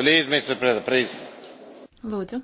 Please, Mr. Preda, please. Lūdzu.